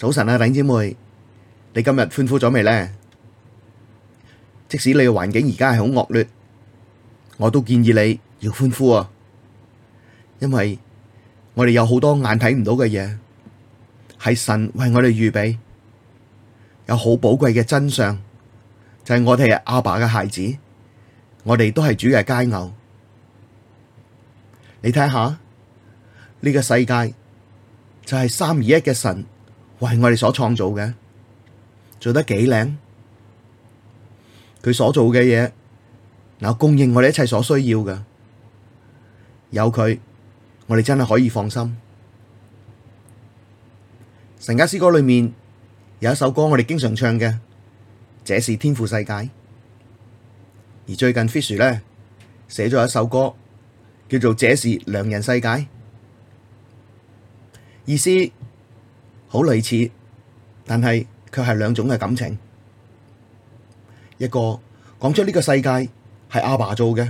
早晨啊，林姐妹，你今日歡呼咗未呢？即使你嘅環境而家係好惡劣，我都建議你要歡呼啊！因為，我哋有好多眼睇唔到嘅嘢，係神為我哋預備，有好寶貴嘅真相，就係、是、我哋係阿爸嘅孩子，我哋都係主嘅佳偶。你睇下呢個世界，就係三二一嘅神。係我哋所創造嘅，做得幾靚？佢所做嘅嘢，嗱，供應我哋一切所需要嘅，有佢，我哋真係可以放心。神家詩歌裏面有一首歌我哋經常唱嘅，這是天父世界。而最近 Fisher 咧寫咗一首歌，叫做這是良人世界，意思。好類似，但係佢係兩種嘅感情。一個講出呢個世界係阿爸做嘅，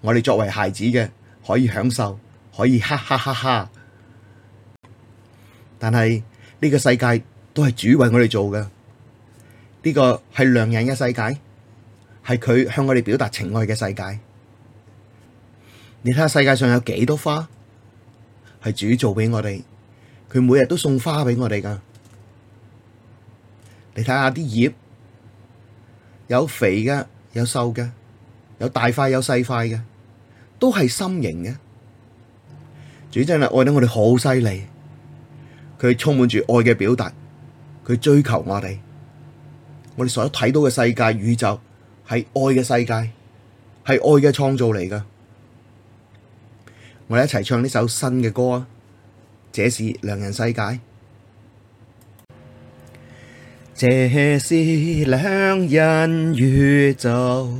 我哋作為孩子嘅可以享受，可以哈哈哈哈。但係呢個世界都係主為我哋做嘅，呢、這個係良人嘅世界，係佢向我哋表達情愛嘅世界。你睇下世界上有幾多花係主做畀我哋？佢每日都送花畀我哋噶，你睇下啲葉有肥嘅，有瘦嘅，有大塊有細塊嘅，都係心形嘅。主真係愛得我哋好犀利，佢充滿住愛嘅表達，佢追求我哋。我哋所睇到嘅世界、宇宙係愛嘅世界，係愛嘅創造嚟噶。我哋一齊唱呢首新嘅歌啊！這是良人世界，這是良人宇宙，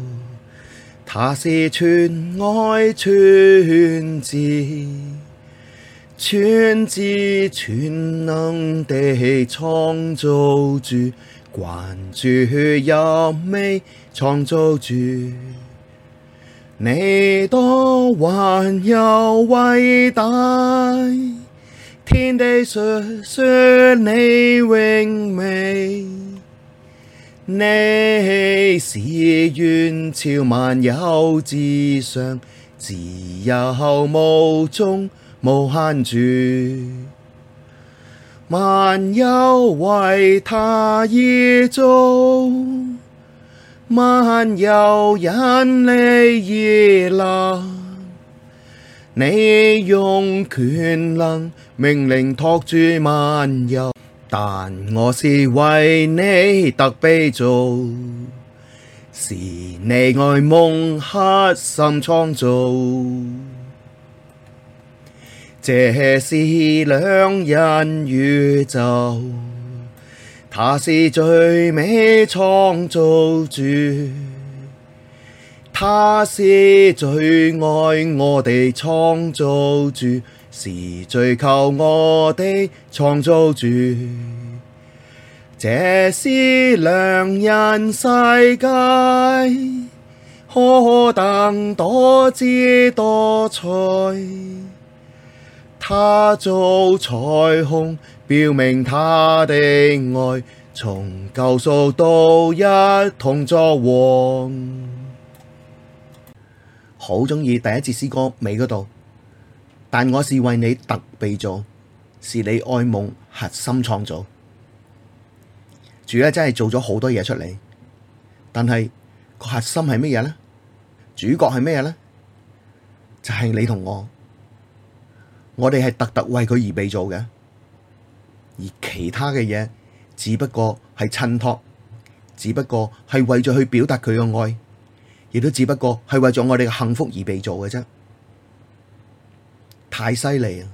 祂是全愛、全知、全智、全能的創造主、關注入微創造主，祢多溫柔偉大。天地述說，說你榮美，你是遠超萬有之上，自有無終，無限主，萬有為他而造，萬有因你而立。你用權能命令托住萬有，但我是為你特被造，是你愛夢核心創造，這是良人宇宙，他是最美創造主。他是最愛我哋創造主，是最靠我的創造主。這是良人世界，可，何等多姿多彩。他造彩虹，表明他的愛，從救贖到一同作王。好鍾意第一節詩歌尾嗰度，但我是為你特被造，是你愛夢核心創造。主要真係做咗好多嘢出嚟，但係個核心係乜嘢咧？主角係咩嘢咧？就係、是、你同我，我哋係特特為佢而被造嘅，而其他嘅嘢，只不過係襯托，只不過係為咗去表達佢嘅愛。亦都只不過係為咗我哋嘅幸福而被做嘅啫，太犀利啦！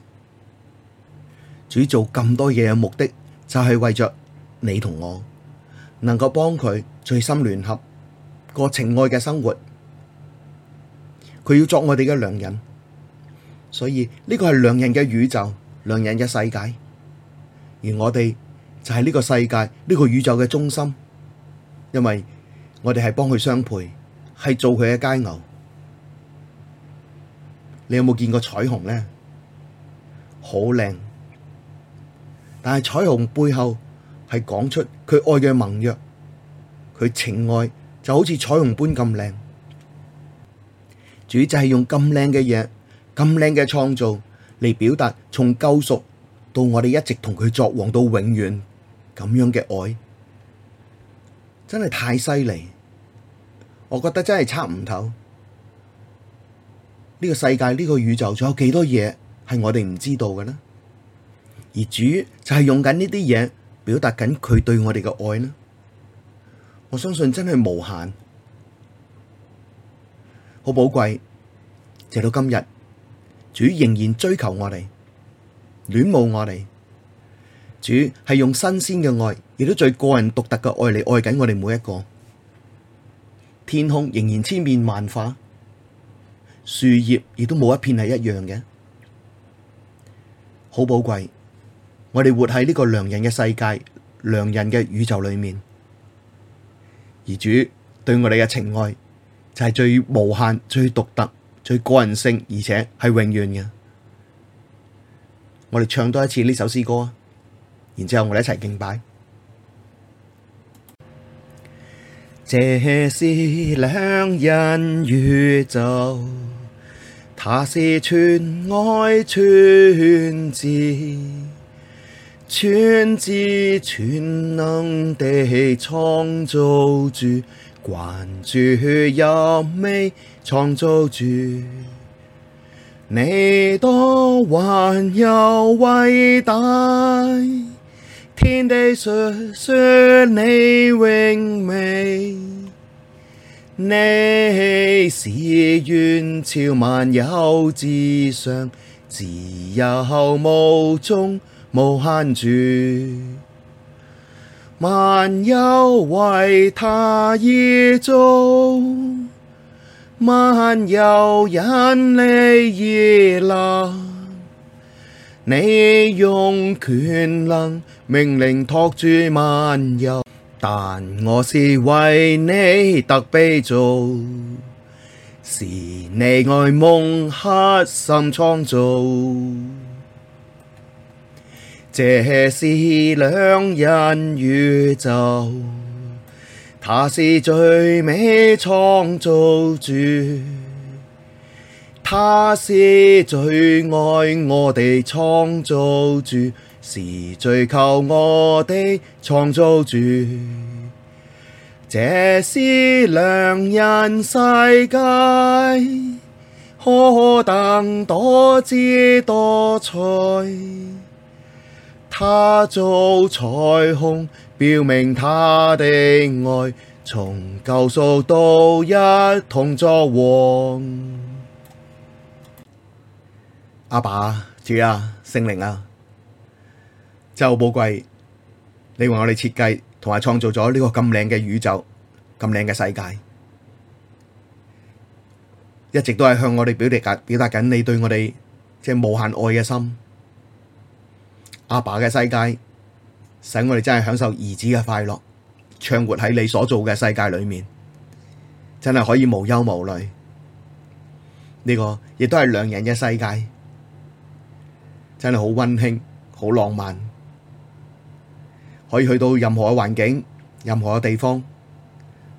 主做咁多嘢嘅目的就係為着你同我能夠幫佢最深聯合過情愛嘅生活，佢要作我哋嘅良人，所以呢個係良人嘅宇宙，良人嘅世界，而我哋就係呢個世界，呢個宇宙嘅中心，因為我哋係幫佢相配。係做佢嘅佳偶，你有冇見過彩虹呢？好靚，但係彩虹背後係講出佢愛嘅盟約，佢情愛就好似彩虹般咁靚。主就係用咁靚嘅嘢，咁靚嘅創造嚟表達從，從救贖到我哋一直同佢作王到永遠咁樣嘅愛，真係太犀利。我覺得真係測唔透呢個世界、呢個宇宙仲有幾多嘢係我哋唔知道嘅咧，而主就係用緊呢啲嘢表達緊佢對我哋嘅愛呢。我相信真係無限，好寶貴。直到今日，主仍然追求我哋，戀慕我哋。主係用新鮮嘅愛，亦都最個人獨特嘅愛嚟愛緊我哋每一個。天空仍然千變萬化，樹葉亦都冇一片係一樣嘅，好寶貴。我哋活喺呢個良人嘅世界，良人嘅宇宙裏面，而主對我哋嘅情愛就係最無限、最獨特、最個人性，而且係永遠嘅。我哋唱多一次呢首詩歌，然之後我哋一齊敬拜。這是良人宇宙，祂是全愛全知、全智全能的創造主，關注入微創造主，祢多溫柔偉大。天地述說你榮美，你是遠超萬有之上，自有無終，無限主，萬有為他而造，萬有因你而立。你用權能命令托住萬有，但我是為你特被造。是你愛夢核心創造，這是良人宇宙，他是最美創造主。他是最愛我哋創造主，是追求我的創造主。這是良人世界，何等多姿多彩。他造彩虹，表明他的愛，從救贖到一同作王。阿爸、主啊、聖靈啊，真係好寶貴！你為我哋設計同埋創造咗呢個咁靚嘅宇宙，咁靚嘅世界，一直都係向我哋表力、表達緊你對我哋即係無限愛嘅心。阿爸嘅世界，使我哋真係享受兒子嘅快樂，暢活喺你所做嘅世界裏面，真係可以無憂無慮。呢、呢個亦都係良人嘅世界。真係好溫馨，好浪漫，可以去到任何嘅環境，任何嘅地方，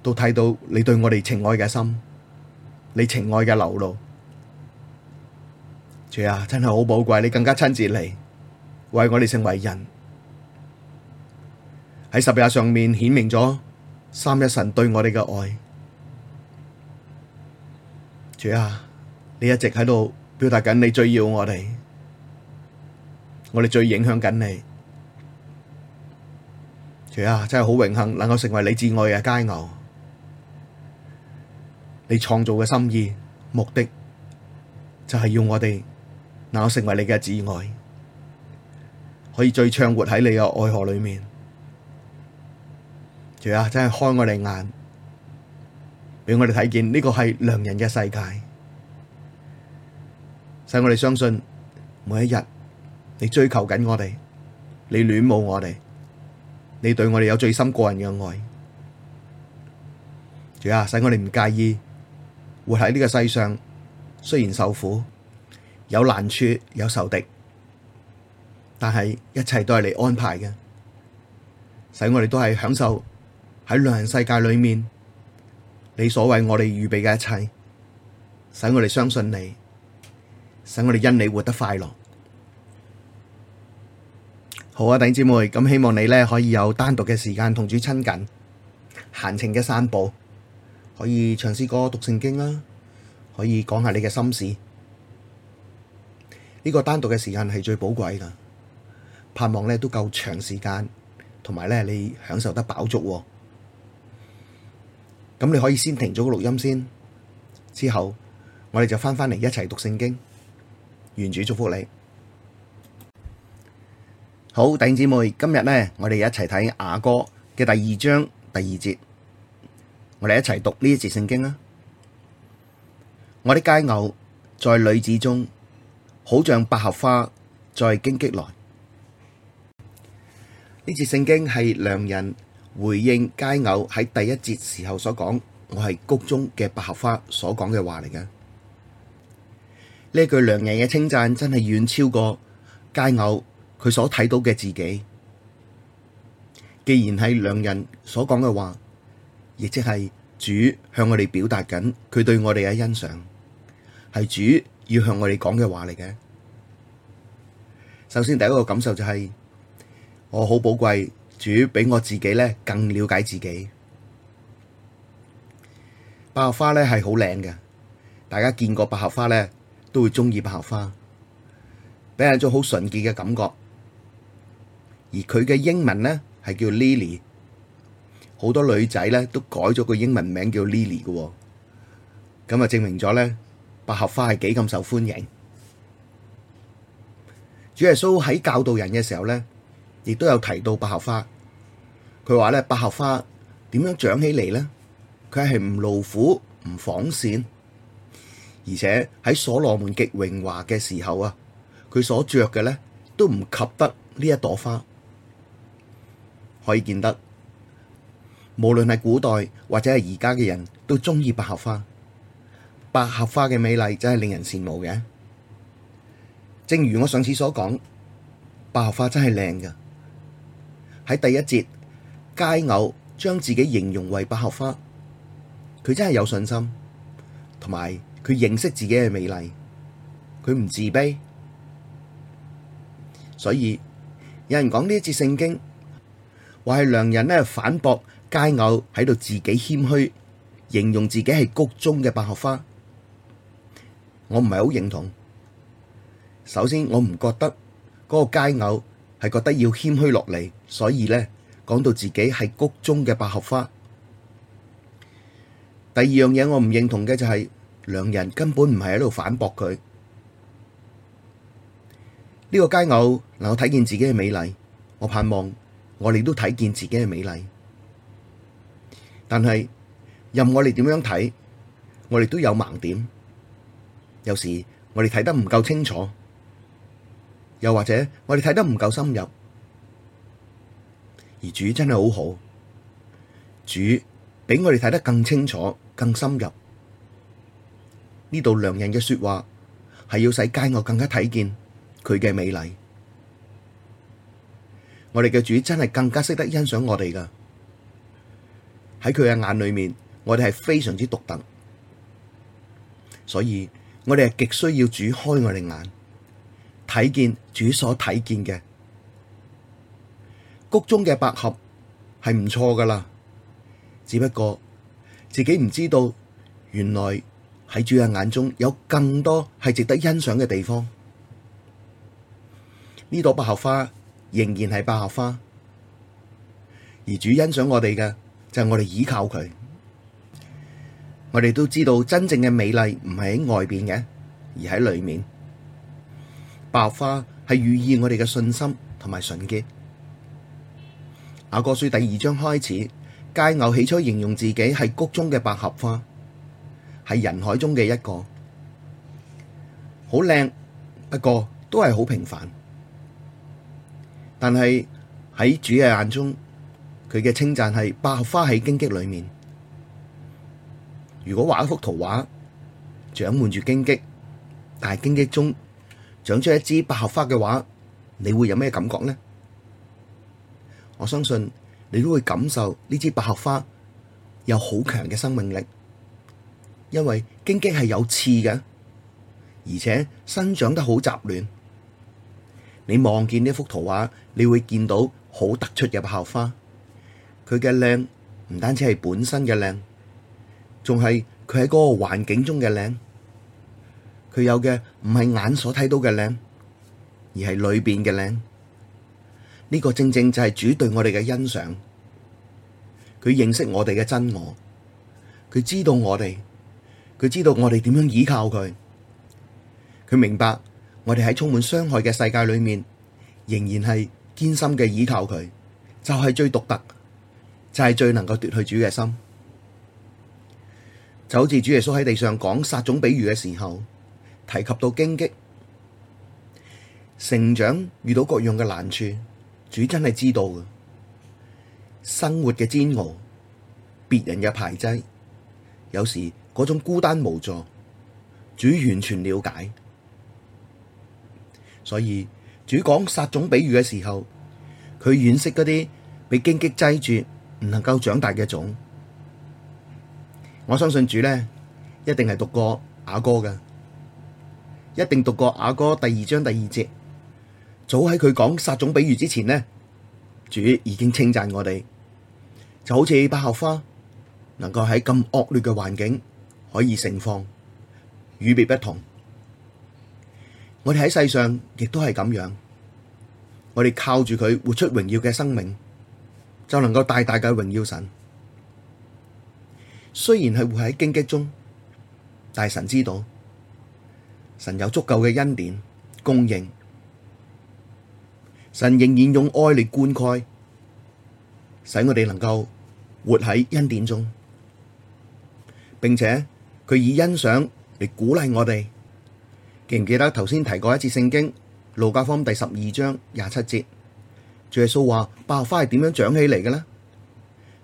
都睇到你對我哋情愛嘅心，你情愛嘅流露。主啊，真係好寶貴，你更加親自嚟為我哋成為人喺十日上面顯明咗三一神對我哋嘅愛。主啊，你一直喺度表達緊你最要我哋。我哋最影響緊你，主啊，真係好榮幸能夠成為你至愛嘅佳偶。你創造嘅心意目的，就係要我哋能夠成為你嘅至愛，可以最暢活喺你嘅愛河裏面。主啊，真係開我哋眼，俾我哋睇見呢個係良人嘅世界，使我哋相信每一日。你追求緊我哋，你戀慕我哋，你對我哋有最深個人嘅愛，主啊，使我哋唔介意，活喺呢個世上，雖然受苦，有難處，有受敵，但係一切都係你安排嘅，使我哋都係享受喺兩人世界裏面，你所為我哋預備嘅一切，使我哋相信你，使我哋因你活得快樂。好啊，弟兄姊妹，咁希望你咧可以有單獨嘅時間同主親近，閒情嘅散步，可以唱詩歌讀聖經啦，可以講下你嘅心事。呢、這個單獨嘅時間係最寶貴噶，盼望咧都夠長時間，同埋咧你享受得飽足。咁你可以先停咗個錄音先，之後我哋就翻返嚟一齊讀聖經。願主祝福你。好，弟兄姊妹，今日呢，我哋一齊睇雅歌嘅第二章第二節，我哋一齊讀呢一節聖經啦。我的佳偶在女子中，好像百合花在荊棘內。呢節聖經係良人回應佳偶喺第一節時候所講，我係谷中嘅百合花，所講嘅話嚟嘅。呢句良人嘅稱讚真係遠超過佳偶。佢所睇到嘅自己，既然係良人所講嘅話，亦即係主向我哋表達緊佢對我哋嘅欣賞，係主要向我哋講嘅話嚟嘅。首先，第一個感受就係、是、我好寶貴，主比我自己咧更了解自己。百合花咧係好靚嘅，大家見過百合花咧都會鍾意百合花，俾人一種好純潔嘅感覺。而佢嘅英文咧係叫 Lily，好多女仔咧都改咗個英文名叫 Lily 嘅，咁啊證明咗咧百合花係幾咁受歡迎。主耶穌喺教導人嘅時候咧，亦都有提到百合花。佢話咧百合花點樣長起嚟咧？佢係唔勞苦唔紡線，而且喺所羅門極榮華嘅時候啊，佢所着嘅咧都唔及得呢一朵花。可以見得，無論係古代或者係而家嘅人都鍾意百合花。百合花嘅美麗真係令人羨慕嘅。正如我上次所講，百合花真係靚噶。喺第一節，佳偶將自己形容為百合花，佢真係有信心，同埋佢認識自己嘅美麗，佢唔自卑。所以有人講呢一節聖經。我係良人咧，反駁佳偶喺度自己謙虛，形容自己係谷中嘅百合花。我唔係好認同。首先，我唔覺得嗰個佳偶係覺得要謙虛落嚟，所以咧講到自己係谷中嘅百合花。第二樣嘢，我唔認同嘅就係、是、良人根本唔係喺度反駁佢。呢、這個佳偶能夠睇見自己嘅美麗，我盼望。我哋都睇見自己嘅美麗，但係任我哋點樣睇，我哋都有盲點。有時我哋睇得唔夠清楚，又或者我哋睇得唔夠深入。而主真係好好，主比我哋睇得更清楚、更深入。呢度良人嘅說話係要使佳偶更加睇見佢嘅美麗。我哋嘅主真係更加識得欣賞我哋噶，喺佢嘅眼裏面，我哋係非常之獨特，所以我哋係極需要主開我哋眼，睇見主所睇見嘅。谷中嘅百合係唔錯噶啦，只不過自己唔知道，原來喺主嘅眼中有更多係值得欣賞嘅地方，呢朵百合花。仍然係百合花，而主欣賞我哋嘅就係我哋依靠佢。我哋都知道真正嘅美麗唔係喺外邊嘅，而喺裏面。百合花係寓意我哋嘅信心同埋純潔。雅歌書第二章開始，佳偶起初形容自己係谷中嘅百合花，係人海中嘅一個，好靚，不過都係好平凡。但係喺主嘅眼中，佢嘅稱讚係百合花喺荊棘裏面。如果畫一幅圖畫，長滿住荊棘，但係荊棘中長出一支百合花嘅話，你會有咩感覺呢？我相信你都會感受呢支百合花有好強嘅生命力，因為荊棘係有刺嘅，而且生長得好雜亂。你望見呢幅圖畫，你會見到好突出嘅百合花。佢嘅靚唔單止係本身嘅靚，仲係佢喺嗰個環境中嘅靚。佢有嘅唔係眼所睇到嘅靚，而係裏邊嘅靚。呢、這個正正就係主對我哋嘅欣賞。佢認識我哋嘅真我，佢知道我哋，佢知道我哋點樣依靠佢，佢明白。我哋喺充滿傷害嘅世界裏面，仍然係堅心嘅倚靠佢，就係、是、最獨特，就係、是、最能夠奪去主嘅心。就好似主耶穌喺地上講撒種比喻嘅時候，提及到荊棘，成長遇到各樣嘅難處，主真係知道嘅。生活嘅煎熬，別人嘅排擠，有時嗰種孤單無助，主完全了解。所以主講殺種比喻嘅時候，佢惋惜嗰啲被荊棘擠住唔能夠長大嘅種。我相信主呢，一定係讀過雅歌嘅，一定讀過雅歌第二章第二節。早喺佢講殺種比喻之前呢，主已經稱讚我哋，就好似百合花能夠喺咁惡劣嘅環境可以盛放，與別不同。我哋喺世上亦都係咁樣，我哋靠住佢活出榮耀嘅生命，就能夠大大嘅榮耀神。雖然係活喺荊棘中，但係神知道，神有足夠嘅恩典供應，神仍然用愛嚟灌溉，使我哋能夠活喺恩典中，並且佢以欣賞嚟鼓勵我哋。記唔記得頭先提過一次聖經路加福音第十二章廿七節，耶穌話百合花係點樣長起嚟嘅呢？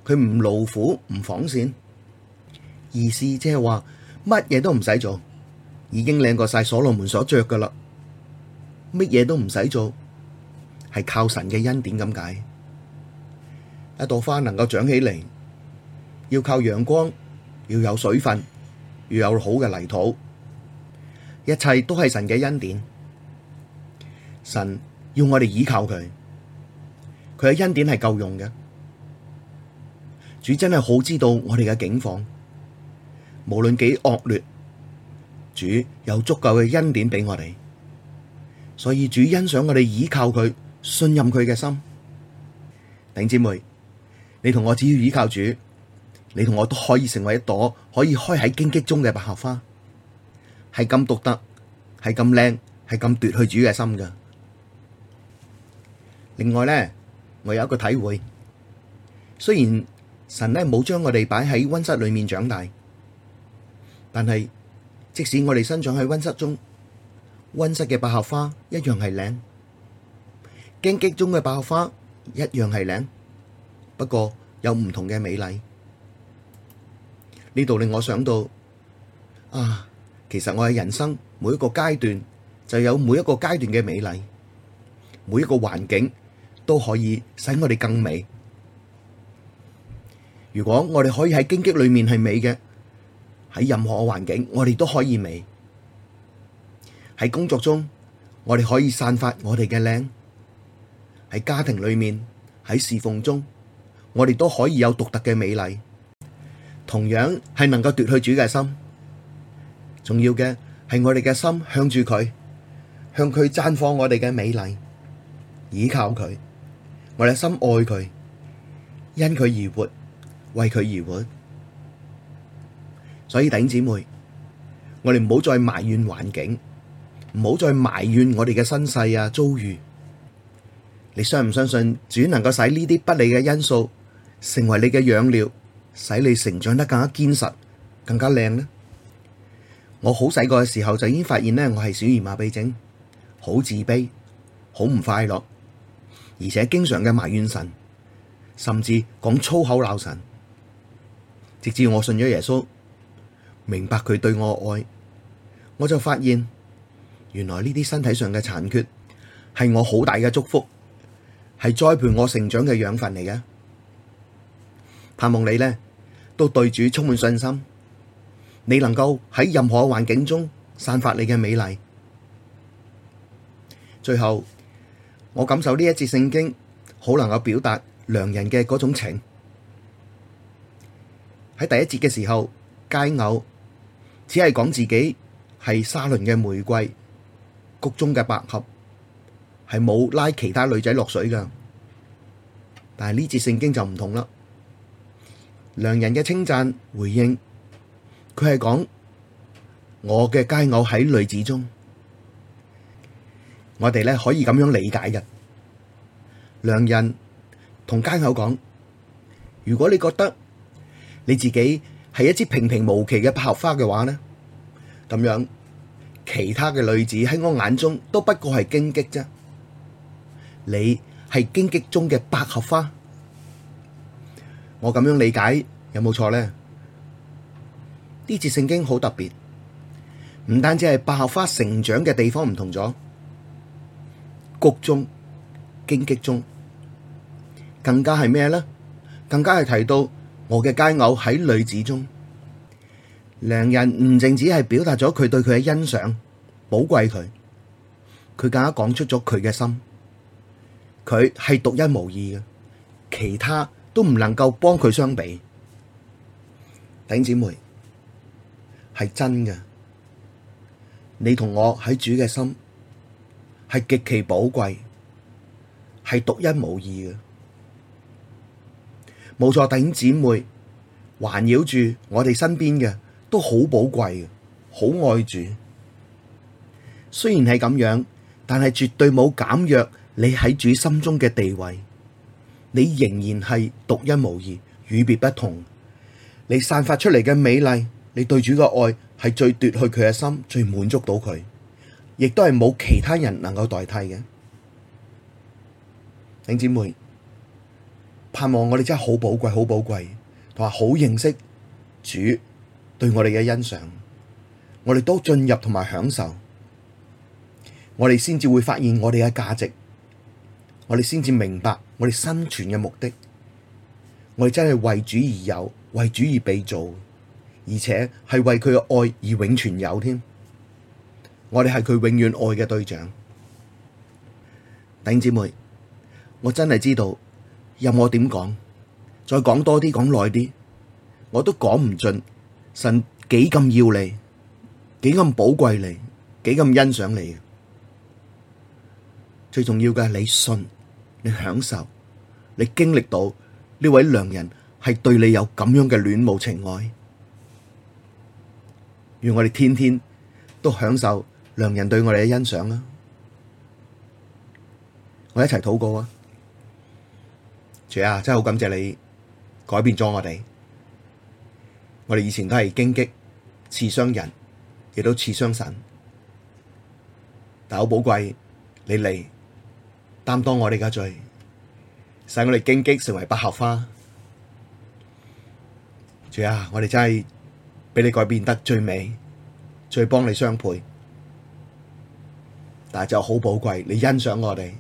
佢唔勞苦唔紡線，而是即係話乜嘢都唔使做，已經領過晒所羅門所着嘅啦，乜嘢都唔使做，係靠神嘅恩典咁解。一朵花能夠長起嚟，要靠陽光，要有水分，要有好嘅泥土。一切都係神嘅恩典，神要我哋倚靠佢，佢嘅恩典係夠用嘅。主真係好知道我哋嘅境況，無論幾惡劣，主有足夠嘅恩典俾我哋，所以主欣賞我哋倚靠佢、信任佢嘅心。頂姐妹，你同我只要依靠主，你同我都可以成為一朵可以開喺荊棘中嘅百合花。係咁獨特，係咁靚，係咁奪去主嘅心噶。另外咧，我有一個體會，雖然神咧冇將我哋擺喺溫室裏面長大，但係即使我哋生長喺溫室中，溫室嘅百合花一樣係靚，荊棘中嘅百合花一樣係靚，不過有唔同嘅美麗。呢度令我想到啊！其實我喺人生每一個階段，就有每一個階段嘅美麗，每一個環境都可以使我哋更美。如果我哋可以喺荊棘裏面係美嘅，喺任何嘅環境，我哋都可以美。喺工作中，我哋可以散發我哋嘅靚；喺家庭裏面，喺侍奉中，我哋都可以有獨特嘅美麗。同樣係能夠奪去主嘅心。重要嘅係我哋嘅心向住佢，向佢綻放我哋嘅美麗，依靠佢，我哋心愛佢，因佢而活，為佢而活。所以頂姊妹，我哋唔好再埋怨環境，唔好再埋怨我哋嘅身世啊、遭遇。你相唔相信，主能夠使呢啲不利嘅因素成為你嘅養料，使你成長得更加堅實、更加靚呢？我好細個嘅時候就已經發現咧，我係小兒麻痹症，好自卑，好唔快樂，而且經常嘅埋怨神，甚至講粗口鬧神，直至我信咗耶穌，明白佢對我嘅愛，我就發現原來呢啲身體上嘅殘缺係我好大嘅祝福，係栽培我成長嘅養分嚟嘅。盼望你咧都對主充滿信心。你能夠喺任何環境中散發你嘅美麗。最後，我感受呢一節聖經好能夠表達良人嘅嗰種情。喺第一節嘅時候，佳偶只係講自己係沙崙嘅玫瑰，谷中嘅百合，係冇拉其他女仔落水㗎。但係呢節聖經就唔同啦，良人嘅稱讚，回應。佢係講我嘅佳偶喺女子中，我哋咧可以咁樣理解嘅。良人同佳偶講：如果你覺得你自己係一支平平無奇嘅百合花嘅話呢，咁樣其他嘅女子喺我眼中都不過係荊棘啫。你係荊棘中嘅百合花，我咁樣理解有冇錯呢？」呢次聖經好特別，唔單止係百合花成長嘅地方唔同咗，谷中、荊棘中，更加係咩咧？更加係提到我嘅佳偶喺女子中，良人唔淨只係表達咗佢對佢嘅欣賞，寶貴佢，佢更加講出咗佢嘅心，佢係獨一無二嘅，其他都唔能夠幫佢相比，頂姊妹。係真嘅，你同我喺主嘅心係極其寶貴，係獨一無二嘅。冇錯，弟兄姊妹環繞住我哋身邊嘅都好寶貴，好愛主。雖然係咁樣，但係絕對冇減弱你喺主心中嘅地位。你仍然係獨一無二，與別不同。你散發出嚟嘅美麗。你對主嘅愛係最奪去佢嘅心，最滿足到佢，亦都係冇其他人能夠代替嘅。弟兄姊妹，盼望我哋真係好寶貴，好寶貴，同埋好認識主對我哋嘅欣賞，我哋都進入同埋享受，我哋先至會發現我哋嘅價值，我哋先至明白我哋生存嘅目的，我哋真係為主而有，為主而被造。而且係為佢嘅愛而永存有，添。我哋係佢永遠愛嘅對象，弟兄姊妹，我真係知道任我點講，再講多啲，講耐啲，我都講唔盡。神幾咁要你，幾咁寶貴你，幾咁欣賞你。最重要嘅係你信，你享受，你經歷到呢位良人係對你有咁樣嘅戀慕情愛。願我哋天天都享受良人對我哋嘅欣賞啊！我一齊禱告啊！主啊，真係好感謝你改變咗我哋，我哋以前都係荊棘，刺傷人，亦都刺傷神，但好寶貴你嚟擔當我哋嘅罪，使我哋荊棘成為百合花。主啊，我哋真係～俾你改變得最美，再幫你相配，但係就好寶貴。你欣賞我哋，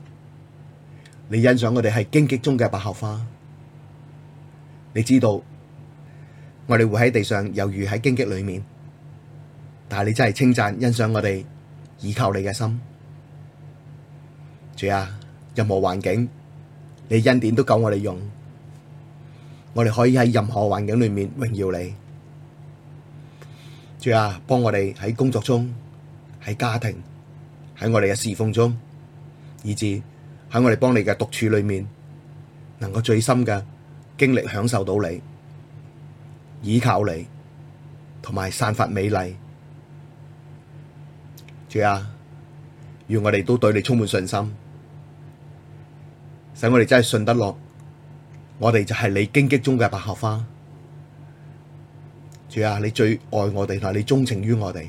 你欣賞我哋係荊棘中嘅百合花。你知道我哋活喺地上，猶豫喺荊棘裏面，但係你真係稱讚欣賞我哋倚靠你嘅心。主啊，任何環境，你恩典都夠我哋用，我哋可以喺任何環境裏面榮耀你。主啊，幫我哋喺工作中，喺家庭，喺我哋嘅侍奉中，以至喺我哋幫你嘅獨處裏面，能夠最深嘅經歷享受到你，倚靠你，同埋散發美麗。主啊，願我哋都對你充滿信心，使我哋真係信得落，我哋就係你荊棘中嘅百合花。主啊，你最愛我哋，嗱，你鍾情於我哋，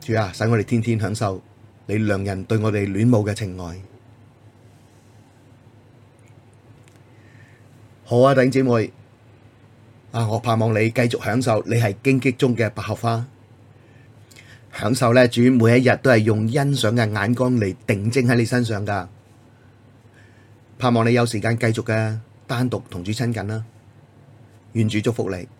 主啊，使我哋天天享受你良人對我哋戀慕嘅情愛。好啊，弟兄姊妹，啊，我盼望你繼續享受，你係荊棘中嘅百合花，享受咧，主每一日都係用欣賞嘅眼光嚟定睛喺你身上噶。盼望你有時間繼續嘅單獨同主親近啦。願主祝福你。